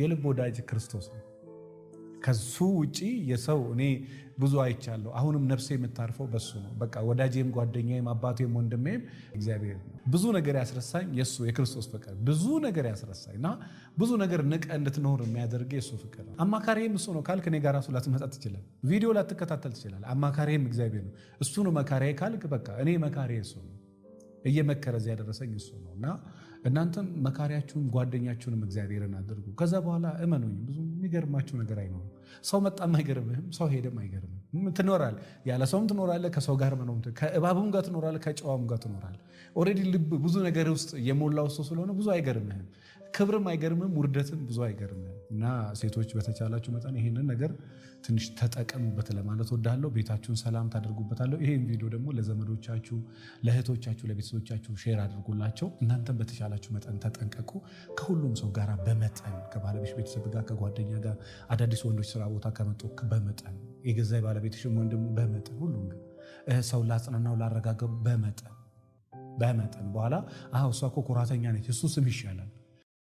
የልብ ወዳጅ ክርስቶስ ነው። ከሱ ውጪ የሰው እኔ ብዙ አይቻለሁ። አሁንም ነፍሴ የምታርፈው በሱ ነው። በቃ ወዳጄም ጓደኛዬም አባቴም ወንድሜም እግዚአብሔር ነው። ብዙ ነገር ያስረሳኝ የሱ የክርስቶስ ፍቅር ብዙ ነገር ያስረሳኝ እና ብዙ ነገር ንቀ እንድትኖር የሚያደርገ የሱ ፍቅር ነው። አማካሪም እሱ ነው ካልክ እኔ ጋር ራሱ ላትመጣ ትችላል። ቪዲዮ ላትከታተል ትችላል። አማካሪም እግዚአብሔር ነው። እሱ ነው መካሪ ካልክ በቃ እኔ መካሪ እሱ ነው። እየመከረ እዚያ ያደረሰኝ እሱ ነው እና እናንተም መካሪያችሁን ጓደኛችሁንም እግዚአብሔርን አድርጉ። ከዛ በኋላ እመኑኝ ብዙ የሚገርማችሁ ነገር አይኖርም። ሰው መጣም አይገርምህም፣ ሰው ሄደም አይገርምህም። ትኖራል፣ ያለ ሰውም ትኖራለ፣ ከሰው ጋር መኖም፣ ከእባቡም ጋር ትኖራለ፣ ከጨዋም ጋር ትኖራል። ኦልሬዲ ልብ ብዙ ነገር ውስጥ የሞላው ሰው ስለሆነ ብዙ አይገርምህም። ክብርም አይገርምም፣ ውርደትም ብዙ አይገርምም። እና ሴቶች በተቻላችሁ መጠን ይህንን ነገር ትንሽ ተጠቀሙበት ለማለት ወዳለው ቤታችሁን ሰላም ታደርጉበታለሁ። ይሄን ቪዲዮ ደግሞ ለዘመዶቻችሁ፣ ለእህቶቻችሁ፣ ለቤተሰቦቻችሁ ሼር አድርጉላቸው። እናንተም በተቻላችሁ መጠን ተጠንቀቁ። ከሁሉም ሰው ጋር በመጠን ከባለቤት ቤተሰብ ጋር፣ ከጓደኛ ጋር፣ አዳዲስ ወንዶች ስራ ቦታ ከመጡ በመጠን የገዛ ባለቤትሽም ወንድሙ በመጠን ሁሉም ሰው ላጽናናው ላረጋገቡ በመጠን በመጠን በኋላ አሁ እሷ እኮ ኩራተኛ ነች እሱ ስም ይሻላል